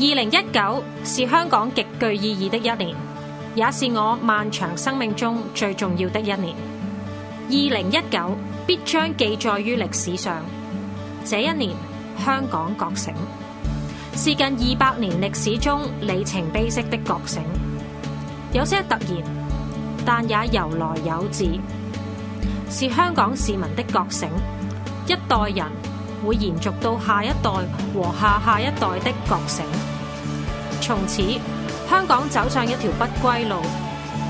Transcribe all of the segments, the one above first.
二零一九是香港極具意義的一年，也是我漫長生命中最重要的一年。二零一九必將記載於歷史上。這一年，香港覺醒，是近二百年歷史中里程碑式的覺醒。有些突然，但也由來有自，是香港市民的覺醒，一代人。會延續到下一代和下下一代的覺醒，從此香港走上一條不歸路，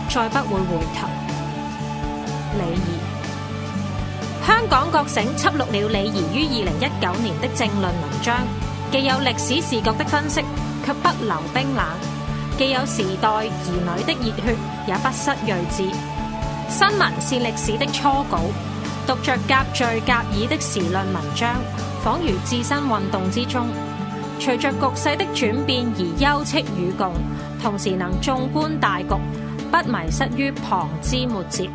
再不會回頭。李怡，香港覺醒輯錄了李怡於二零一九年的政論文章，既有歷史視覺的分析，卻不流冰冷；既有時代兒女的熱血，也不失睿智。新聞是歷史的初稿。讀着夾敘夾議的時論文章，仿如置身運動之中，隨着局勢的轉變而休戚與共，同時能縱觀大局，不迷失於旁枝末節。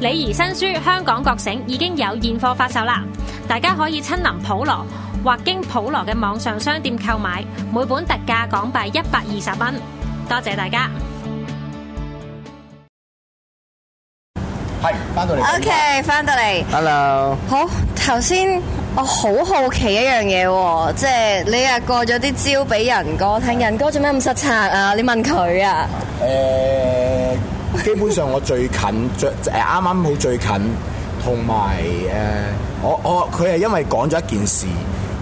李怡新書《香港覺醒》已經有現貨發售啦，大家可以親臨普羅或經普羅嘅網上商店購買，每本特價港幣一百二十蚊。多謝大家。係，翻到嚟。OK，翻到嚟。Hello。好，頭先我好好奇一樣嘢喎，即係你又過咗啲招俾仁哥，聽仁哥做咩咁失策啊？你問佢啊。誒、呃，基本上我最近 最誒啱啱好最近，同埋誒我我佢係因為講咗一件事，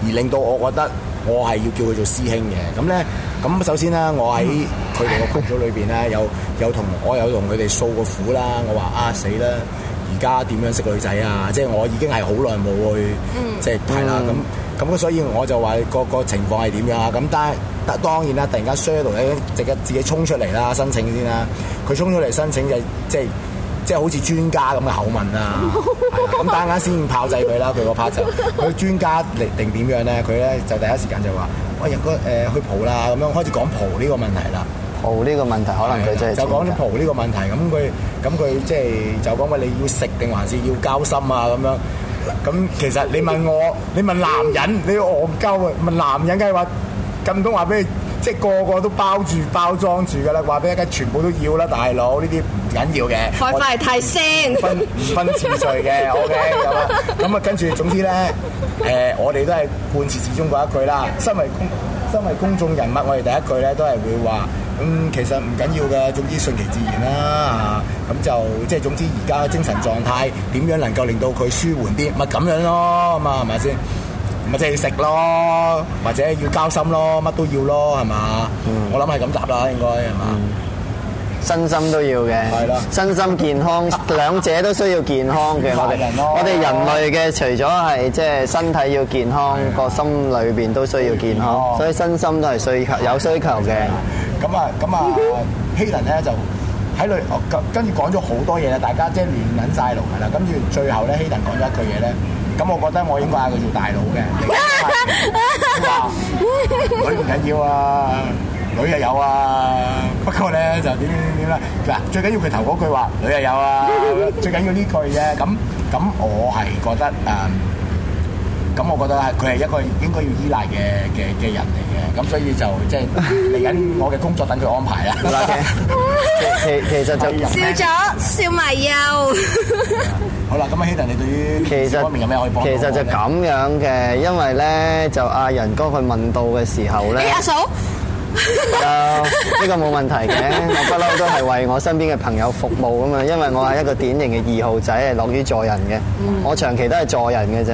而令到我覺得。我係要叫佢做師兄嘅，咁咧，咁首先咧，我喺佢哋個 group 裏邊咧，有有同我有同佢哋訴過苦啦，我話啊死啦，而家點樣識女仔啊？即係我已經係好耐冇去，嗯、即係係啦，咁咁所以我就話個、那個情況係點樣啊？咁但係當然啦，突然間 Sheldon 咧，即係自己衝出嚟啦，申請先啦，佢衝出嚟申請就係、即係。即係好似專家咁嘅口吻啦，係啊，咁但係先炮製佢啦，佢個 part 就佢專家嚟定點樣咧？佢咧就第一時間就話：我日個誒去蒲啦，咁樣開始講蒲呢個問題啦。蒲呢個問題，的可能佢真係就講蒲呢個問題。咁佢咁佢即係就講、是、話你要食定還是要交心啊？咁樣咁其實你問我，你問男人，你要我鳩啊？問男人梗係話咁多話俾你。即係個個都包住包裝住㗎啦，話俾大家全部都要啦，大佬、okay, so, 呢啲唔緊要嘅。開翻嚟睇先。分唔分次序嘅？我嘅咁啊，跟住總之咧，誒，我哋都係貫徹始終嗰一句啦。身為公身為公眾人物，我哋第一句咧都係會話，咁、嗯、其實唔緊要嘅，總之順其自然啦。咁、嗯、就即係總之而家精神狀態點樣能夠令到佢舒緩啲，咪咁樣咯，咁啊係咪先？咪即係食咯，或者要交心咯，乜都要咯，係嘛？我諗係咁答啦，應該係嘛？身心都要嘅，身心健康，兩者都需要健康嘅。我哋我哋人類嘅，除咗係即係身體要健康，個心裏邊都需要健康，所以身心都係需求有需求嘅。咁啊咁啊，Helen 咧就～喺裏哦，跟跟住講咗好多嘢啦，大家即係亂揾晒路係啦，跟住最後咧，希特講咗一句嘢咧，咁我覺得我應該嗌佢做大佬嘅， 女唔緊要啊，女又有啊，不過咧就點點點啦，嗱，最緊要佢頭嗰句話，女又有啊，最緊要呢句啫，咁咁我係覺得誒。嗯咁我覺得係佢係一個應該要依賴嘅嘅嘅人嚟嘅，咁所以就即係嚟緊我嘅工作等佢安排啦。其實就笑咗笑埋又。好啦，咁啊皓婷，你對於呢方面有咩可以幫到？其實就咁樣嘅，因為咧就阿仁哥佢問到嘅時候咧，阿嫂，就呢個冇問題嘅，我不嬲都係為我身邊嘅朋友服務啊嘛，因為我係一個典型嘅二號仔，係樂於助人嘅，我長期都係助人嘅啫。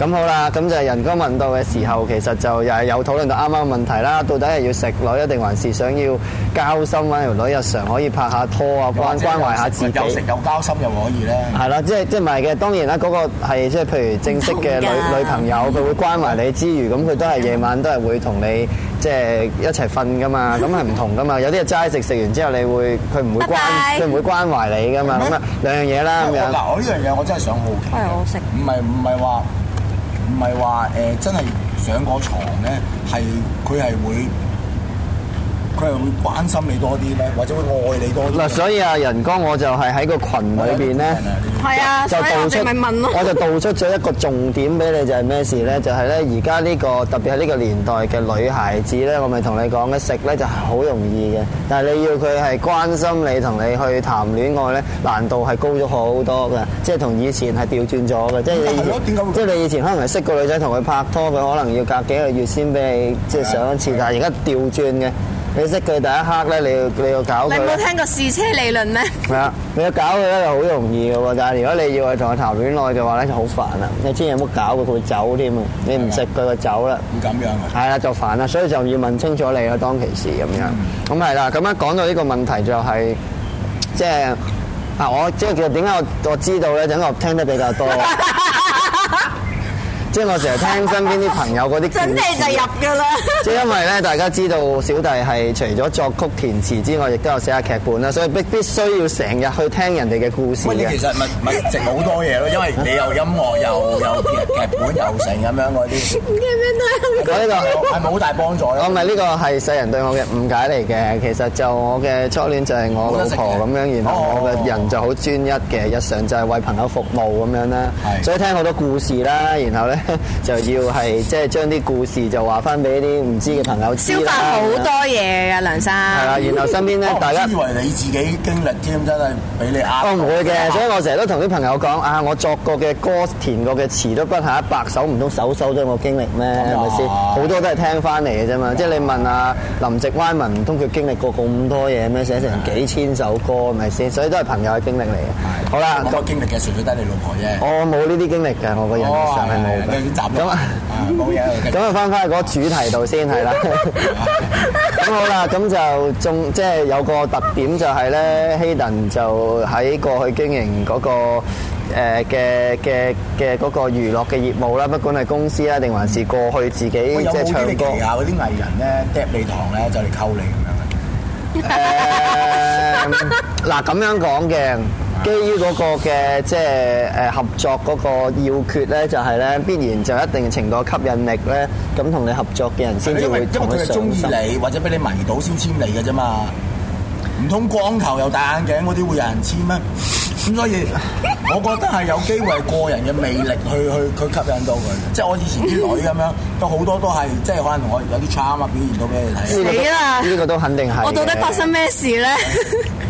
咁好啦，咁就係人哥問到嘅時候，其實就又係有討論到啱啱嘅問題啦。到底係要食女一定，還是想要交心？揾條女日常可以拍下拖啊，關關懷下自己。食又交心又可以咧。係啦，即係即係唔係嘅？當然啦，嗰個係即係譬如正式嘅女女朋友，佢會關懷你之餘，咁佢都係夜晚都係會同你即係一齊瞓噶嘛。咁係唔同噶嘛。有啲係齋食，食完之後你會佢唔會關佢唔會關懷你噶嘛。咁啊拜兩樣嘢啦。嗱，我呢樣嘢我真係想好奇。我食唔係唔係話。唔係話誒，真係上過床咧，係佢係會。佢會關心你多啲咧，或者會愛你多啲。嗱，所以啊仁哥，我就係喺個群裏邊咧，係啊，對就道出咪問咯。我就道出咗一個重點俾你，就係、是、咩事咧？就係、是、咧、這個，而家呢個特別係呢個年代嘅女孩子咧，我咪同你講咧，食咧就好容易嘅。但係你要佢係關心你同你去談戀愛咧，難度係高咗好多嘅，即係同以前係調轉咗嘅。即係你以前即係你以前可能識個女仔同佢拍拖，佢可能要隔幾個月先俾你即係上一次，但係而家調轉嘅。你識佢第一刻咧，你要你要搞佢。你冇聽過試車理論咩？係啊，你要搞佢咧就好容易嘅喎，但係如果你要係同我談戀愛嘅話咧就好煩啦。你千祈唔好搞佢，佢會走添啊！你唔識佢，就走啦。咁樣啊？係啊，就煩啊，所以就要問清楚你啊，當其時咁樣。咁係啦，咁樣講到呢個問題就係、是，即係啊，我即係其實點解我我知道咧，就因為我聽得比較多。 即係我成日聽身邊啲朋友嗰啲，真係就入㗎啦。即係因為咧，大家知道小弟係除咗作曲填詞之外，亦都有寫下劇本啦，所以必必須要成日去聽人哋嘅故事嘅。嗰啲其實咪咪值好多嘢咯，因為你又音樂又又劇劇本又成咁樣嗰啲，咁嘅嘢都係。我呢個係冇好大幫助。我咪呢個係世人對我嘅誤解嚟嘅。其實就我嘅初戀就係我老婆咁樣，然後我嘅人就好專一嘅，日常就係為朋友服務咁樣啦。係。所以聽好多故事啦，然後咧。就要係即係將啲故事就話翻俾啲唔知嘅朋友知，消化好多嘢啊。梁生。係啊，然後身邊咧，大家以為你自己經歷添，真係唔俾你啱。都唔會嘅，所以我成日都同啲朋友講啊，我作過嘅歌填過嘅詞都不下一百首，唔通首首都係我經歷咩？係咪先？好多都係聽翻嚟嘅啫嘛。即係你問阿林夕、Wyman，唔通佢經歷過咁多嘢咩？寫成幾千首歌，係咪先？所以都係朋友嘅經歷嚟嘅。好啦，多經歷嘅，純粹得你老婆啫。我冇呢啲經歷嘅，我個人上係冇。咁啊，冇嘢。咁啊，翻返去嗰個主題度先，係啦。咁好啦，咁就仲即係有個特點就係咧，希頓就喺過去經營嗰個誒嘅嘅嘅嗰個娛樂嘅業務啦，不管係公司啊，定還是過去自己即係唱歌啊。嗰啲藝人咧，嗒你糖咧，就嚟溝你咁樣嘅。誒，嗱咁樣講嘅。基於嗰個嘅即係誒合作嗰個要訣咧，就是，就係咧必然就有一定程度吸引力咧，咁同你合作嘅人先至會去上心。因為因為佢係中意你，或者俾你迷倒先簽你嘅啫嘛。唔通光頭又戴眼鏡嗰啲會有人簽咩？咁所以我覺得係有機會係個人嘅魅力去去去吸引到佢。即係我以前啲女咁樣都好多都係即係可能我有啲 charm 啊表現到俾你睇。死啦了！呢個都肯定係。我到底發生咩事咧？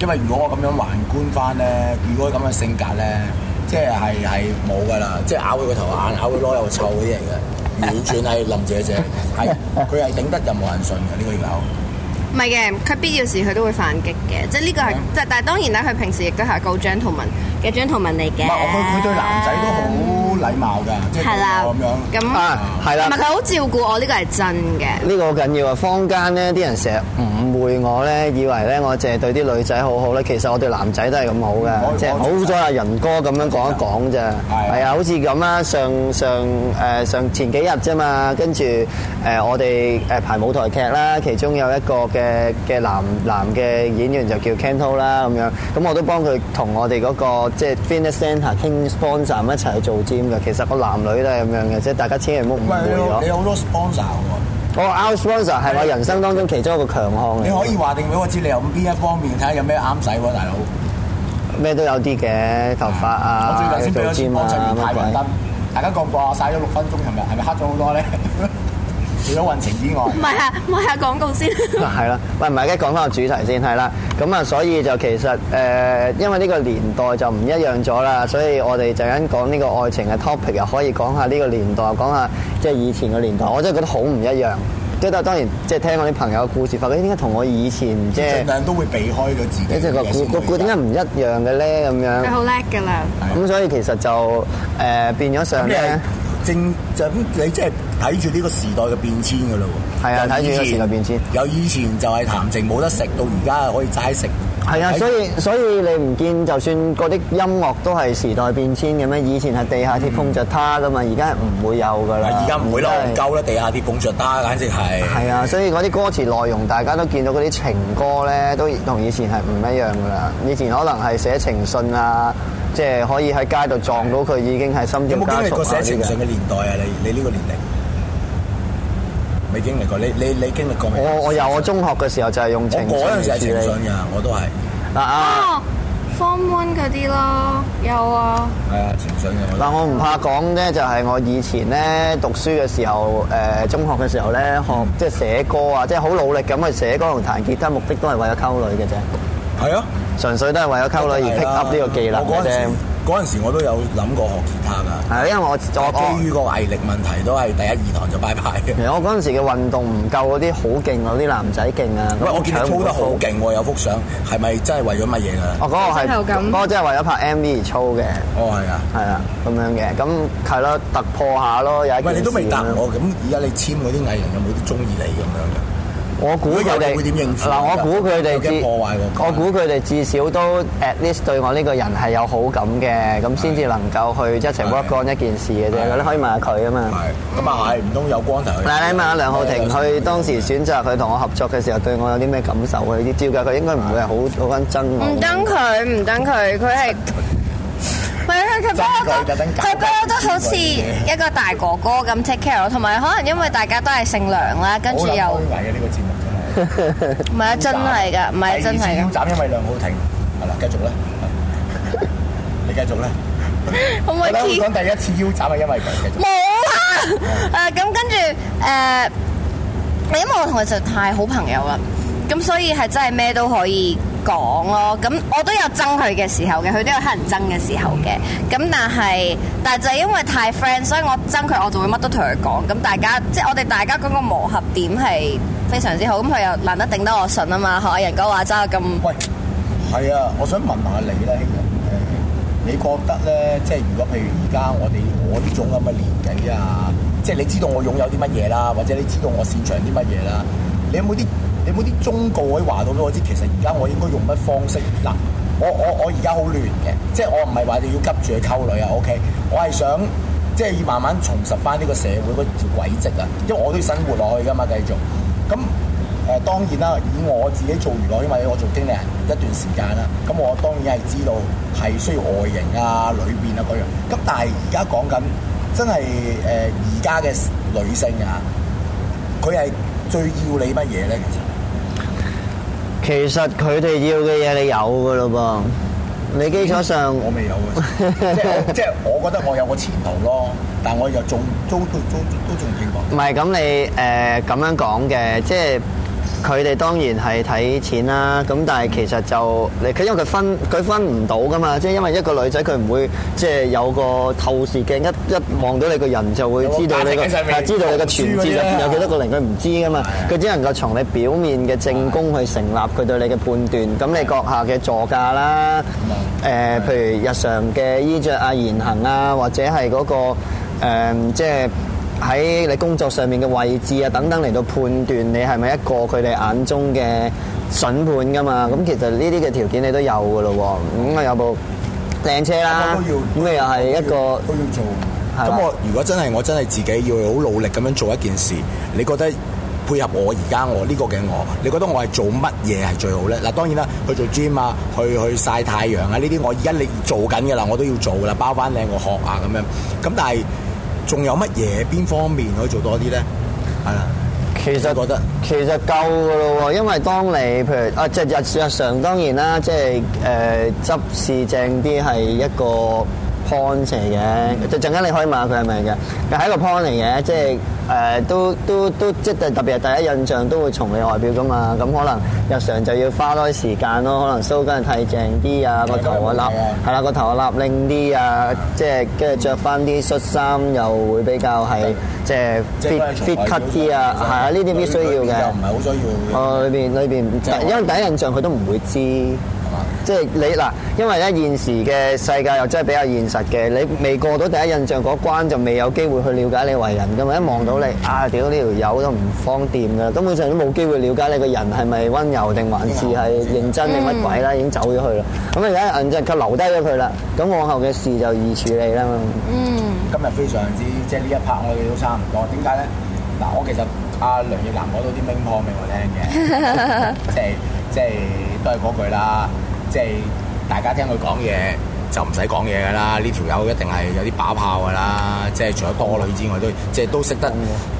因為如果我咁樣橫觀翻咧，如果咁嘅性格咧，即係係冇噶啦，即係咬佢個頭眼，咬佢攞又臭嗰啲嚟嘅，完全係林姐姐，係佢係頂得任何人信嘅呢個要咬。唔係嘅，佢必要時佢都會反擊嘅，即係呢個係，即係、嗯、但係當然啦，佢平時亦都係夠張圖文嘅張圖文嚟嘅。唔係，我佢佢對男仔都好。禮貌嘅，即係咁樣。咁啊，係啦，同埋佢好照顧我，呢個係真嘅。呢個好緊要啊！坊間呢啲人成日誤會我咧，以為咧我淨係對啲女仔好好咧。其實我對男仔都係咁好嘅，即係以、就是、好咗阿仁哥咁樣講一講啫。係啊，好似咁啦，上上誒上、呃、前幾日啫嘛，跟住誒我哋誒排舞台劇啦，其中有一個嘅嘅男男嘅演員就叫 Canto 啦，咁樣咁我都幫佢同我哋嗰、那個即係、就是、Fitness Centre e 傾 sponsor 一齊去做 gym。其實個男女都係咁樣嘅，即係大家千祈唔好誤會。你有好多、oh, our sponsor 喎。我 out sponsor 係我人生當中其中一個強項，你可以話定俾我知你有邊一方面睇下有咩啱使喎，大佬。咩都有啲嘅，頭髮啊，的做尖啊，我太陽燈。大家覺唔覺曬咗六分鐘，尋日係咪黑咗好多咧？ 除咗運程之外，唔係啊，唔係啊，廣告先 。係啦，喂，唔係，而家講翻個主題先，係啦。咁啊，所以就其實誒、呃，因為呢個年代就唔一樣咗啦，所以我哋陣間講呢個愛情嘅 topic，又可以講下呢個年代，講下即係以前嘅年代。我真係覺得好唔一樣。即係當當然，即係聽我啲朋友嘅故事，發覺點解同我以前即係盡量都會避開個自己嘅故，故事，個點解唔一樣嘅咧？咁樣。佢好叻㗎啦。咁所以其實就誒、呃、變咗上咧。正就咁，你即係睇住呢個時代嘅變遷嘅咯喎。係啊的，睇住呢個時代變遷，有以前就係談情，冇得食，到而家可以齋食。係啊，所以所以你唔見就算嗰啲音樂都係時代變遷嘅咩？以前係地下鐵碰着她噶嘛，而家係唔會有噶啦。而家唔會咯，唔夠啦對！地下鐵碰着她，簡直係。係啊，所以嗰啲歌詞內容，大家都見到嗰啲情歌咧，都同以前係唔一樣噶啦。以前可能係寫情信啊，即係可以喺街度撞到佢，已經係心跳加速啊，呢啲有冇經歷過寫情信嘅年代啊？你你呢個年齡？你經歷過，你你你經歷過未？我我由我中學嘅時候就係用情信嚟處理嘅，我都係、啊。嗱啊，Form One 嗰啲咯，有啊。係啊，情信嘅。但我唔怕講咧，就係我以前咧讀書嘅時候，誒中學嘅時候咧學即係、就是、寫歌啊，即係好努力咁去寫歌同彈結他，目的都係為咗溝女嘅啫。係啊。純粹都係為咗溝女而 pick up 呢個技能啫。嗰陣時我都有諗過學吉他噶。係因為我我基於個毅力問題，都係第一二堂就拜拜嘅。其實我嗰陣時嘅運動唔夠嗰啲好勁嗰啲男仔勁啊。喂，我見你操得好勁喎，有幅相係咪真係為咗乜嘢㗎？哦，嗰個係，嗰個真係為咗拍 MV 而操嘅。哦，係啊，係啊，咁樣嘅，咁係咯，突破下咯，有一件事唔係你都未答我，咁而家你簽嗰啲藝人有冇啲中意你咁樣嘅？我估佢哋會點嗱，我估佢哋至我估佢哋至少都 at least 對我呢個人係有好感嘅，咁先至能夠去一齊 work on 一件事嘅啫。你可以問下佢啊嘛。係。咁啊，係唔通有光頭？嗱，你問下梁皓婷，佢當時選擇佢同我合作嘅時候，對我有啲咩感受啊？啲照計佢應該唔會係好好揀真我。唔登佢，唔登佢，佢係。佢覺得，佢覺得好似一個大哥哥咁 take care，同埋可能因為大家都係姓梁啦，跟住又。唔係啊，真係㗎，唔係啊，真係。第二次腰斬因為梁皓婷，係啦，繼續啦，你繼續啦。可唔可以？我講第一次腰斬係因為佢。冇啊！啊咁跟住誒，係因為我同佢實在太好朋友啦，咁所以係真係咩都可以。講咯，咁我都有憎佢嘅時候嘅，佢都有乞人憎嘅時候嘅。咁但係，但係就係因為太 friend，所以我憎佢，我就會乜都同佢講。咁大家即係我哋大家嗰個磨合點係非常之好。咁佢又難得頂得我順啊嘛，學人講話真係咁。喂，係啊，我想問下你咧，兄弟，你覺得咧，即係如果譬如而家我哋我呢種咁嘅年紀啊，即係你知道我擁有啲乜嘢啦，或者你知道我擅長啲乜嘢啦，你有冇啲？你冇啲忠告可以話到俾我知？其實而家我應該用乜方式？嗱，我我我而家好亂嘅，即係我唔係話你要急住去溝女啊。OK，我係想即係要慢慢重拾翻呢個社會嗰條軌跡啊。因為我都要生活落去㗎嘛，繼續。咁、嗯、誒、呃、當然啦，以我自己做娛樂，因為我做經理人一段時間啦。咁、嗯、我當然係知道係需要外形啊、裏邊啊嗰樣。咁但係而家講緊真係誒而家嘅女性啊，佢係最要你乜嘢咧？其實？其實佢哋要嘅嘢你有㗎咯噃，你基本上我未有嘅，即係即係我覺得我有個前途咯，但我又仲租都租都仲見過。唔係咁你誒咁樣講嘅，即係。佢哋當然係睇錢啦，咁但係其實就你佢因為佢分佢分唔到㗎嘛，即係因為一個女仔佢唔會即係有個透視鏡一一望到你個人就會知道你個，知道你全個存摺有幾多個零，佢唔知㗎嘛，佢是的 只能夠從你表面嘅證供去成立佢對你嘅判斷，咁是的 你閣下嘅座駕啦，誒，是的 譬如日常嘅衣着啊、言行啊，或者係嗰、嗰個、嗯、即係。喺你工作上面嘅位置啊，等等嚟到判斷你係咪一個佢哋眼中嘅筍盤噶嘛？咁其實呢啲嘅條件你都有噶咯，咁啊有部靚車啦，咁你又係一個都要，要做。咁吧我如果真係我真係自己要好努力咁樣做一件事，你覺得配合我而家我呢、這個嘅我，你覺得我係做乜嘢係最好咧？嗱，當然啦，去做 gym 啊，去去曬太陽啊，呢啲我而家你做緊嘅啦，我都要做啦，包翻靚個殼啊咁樣，咁但係。仲有乜嘢邊方面可以做多啲咧？係啊，其實覺得其實夠嘅咯喎，因為當你譬如啊，即係日常日常當然啦，即係誒、呃、執事正啲係一個。pon 嘅，就陣間你可以問下佢係咪嘅。但係一個 pon 嚟嘅，即係誒都都都即係特別係第一印象都會從你外表㗎嘛。咁可能日常就要花多啲時間咯。可能梳根太正啲啊，個、嗯、頭啊立，係啦個頭啊立靚啲啊，即係跟住着翻啲恤衫又會比較係即係 fit cut 啲啊。係啊但，呢啲必須要嘅。又唔係好需要。哦，裏邊裏邊因為第一印象佢都唔會知。即係你嗱，因為咧現時嘅世界又真係比較現實嘅，你未過到第一印象嗰關，就未有機會去了解你為人噶嘛。一望到你啊，屌呢條友都唔方掂噶，根本上都冇機會了解你個人係咪溫柔定還是係認真定乜鬼啦，已經走咗去啦。咁而家印象卻留低咗佢啦，咁往後嘅事就易處理啦。嗯，今日非常之即係呢一拍，我哋都差唔多。點解咧？嗱，我其實阿梁奕藍講到啲乒乓畀我聽嘅，即係即係都係嗰句啦。即係大家聽佢講嘢就唔使講嘢㗎啦，呢條友一定係有啲把炮㗎啦。即係除咗多女之外，都即係都識得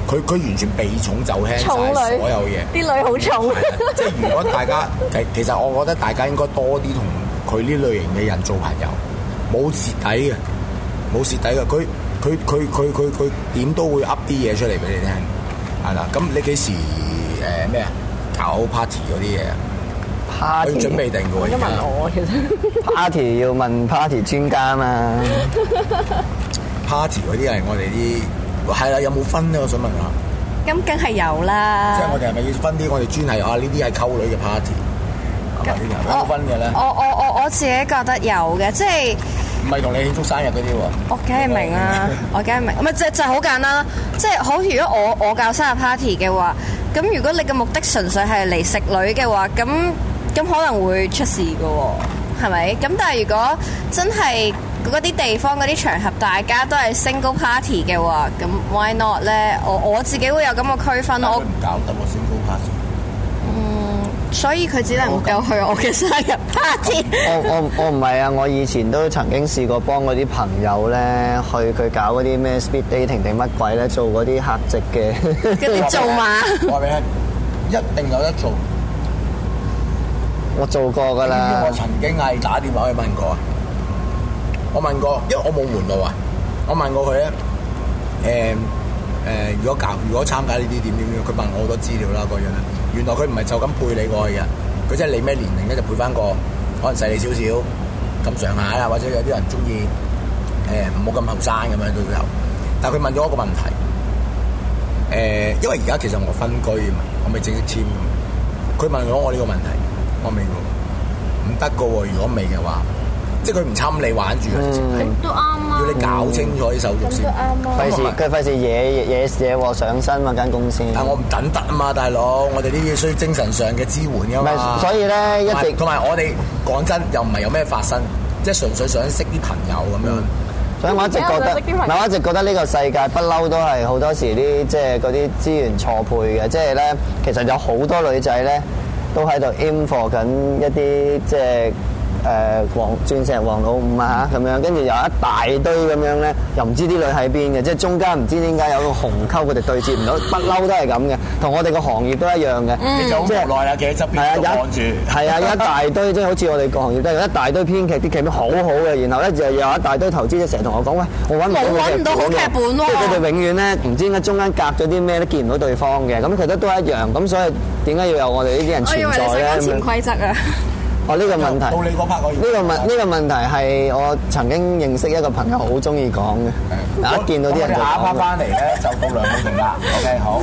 佢佢、嗯、完全避重就輕曬女所有嘢。啲女好重，即係如果大家其實，其實我覺得大家應該多啲同佢呢類型嘅人做朋友，冇蝕底嘅，冇蝕底嘅。佢佢佢佢佢佢點都會噏啲嘢出嚟俾你聽係啦，咁你幾時誒咩啊搞 party 嗰啲嘢？party 要準備定嘅喎，而家問我其實 party 要問 party 專家嘛？party 嗰啲係我哋啲係啦，有冇分咧？我想問下，咁梗係有啦。即係我哋係咪要分啲？我哋專係啊，呢啲係溝女嘅 party，係咪啲人分嘅咧？我我我我自己覺得有嘅，即係唔係同你慶祝生日嗰啲喎？我梗係明啦，我梗係明，唔係就就好簡單。即係好似如果我我搞生日 party 嘅話，咁如果你嘅目的純粹係嚟食女嘅話，咁咁可能會出事噶喎，係咪？咁但係如果真係嗰啲地方嗰啲場合，大家都係 single party 嘅話，咁 why not 咧？我我自己會有咁個區分。我唔搞得我 single party。嗯，所以佢只能夠去我嘅生日 party 這。 我我我唔係啊！我以前都曾經試過幫嗰啲朋友咧去佢搞嗰啲咩 speed dating 定乜鬼咧，做嗰啲客席嘅。跟住做嘛？我話畀你聽，一定有得做。我做過噶啦，我曾經係打電話去問過啊，我問過，因為我冇門路啊，我問過佢咧，誒誒，如果搞如果參加呢啲點點點，佢問我好多資料啦各樣啦。原來佢唔係就咁配你過去嘅，佢即係你咩年齡咧就配翻個可能細你少少咁上下啦，或者有啲人中意誒唔好咁後生咁樣到最後。但係佢問咗我一個問題，誒，因為而家其實我分居，我未正式簽，佢問咗我呢個問題。我未喎，唔得噶喎！如果未嘅話，即係佢唔侵你玩住嘅都啱啱。嗯、要你搞清楚呢、嗯、手續先。佢啱費事，佢費事惹惹惹禍上身，搵間公司。但我唔等得啊嘛，大佬！我哋呢啲需要精神上嘅支援噶嘛。所以咧，一直同埋我哋講真，又唔係有咩發生，即係純粹想識啲朋友咁樣。嗯、所以我一直覺得，我一直覺得呢個世界不嬲都係好多時啲，即係嗰啲資源錯配嘅，即係咧，其實有好多女仔咧。都喺度 inform 緊一啲即係。誒黃鑽石王老五啊咁樣，跟住有一大堆咁樣咧，又唔知啲女喺邊嘅，即係中間唔知點解有個紅溝，佢哋對接唔到，不嬲都係咁嘅，同我哋個行業都一樣嘅。嗯、其即係國內有幾多執編在住？係啊， 有一大堆，即係好似我哋個行業都有一,一大堆編劇啲劇都好好嘅，然後咧又有一大堆投資者，者成日同我講喂，我揾唔到好劇本，即係佢哋永遠咧唔知點解中間隔咗啲咩都見唔到對方嘅，咁其實都係一樣，咁所以點解要有我哋呢啲人存在咧？我以為潛規則啊！ 哦，呢、呢個問題，呢、呢個問呢、呢個問題係我曾經認識一個朋友好中意講嘅。嗱的，一見到啲人打翻我翻嚟咧，剛剛就到梁皓婷啦。O K，好。好。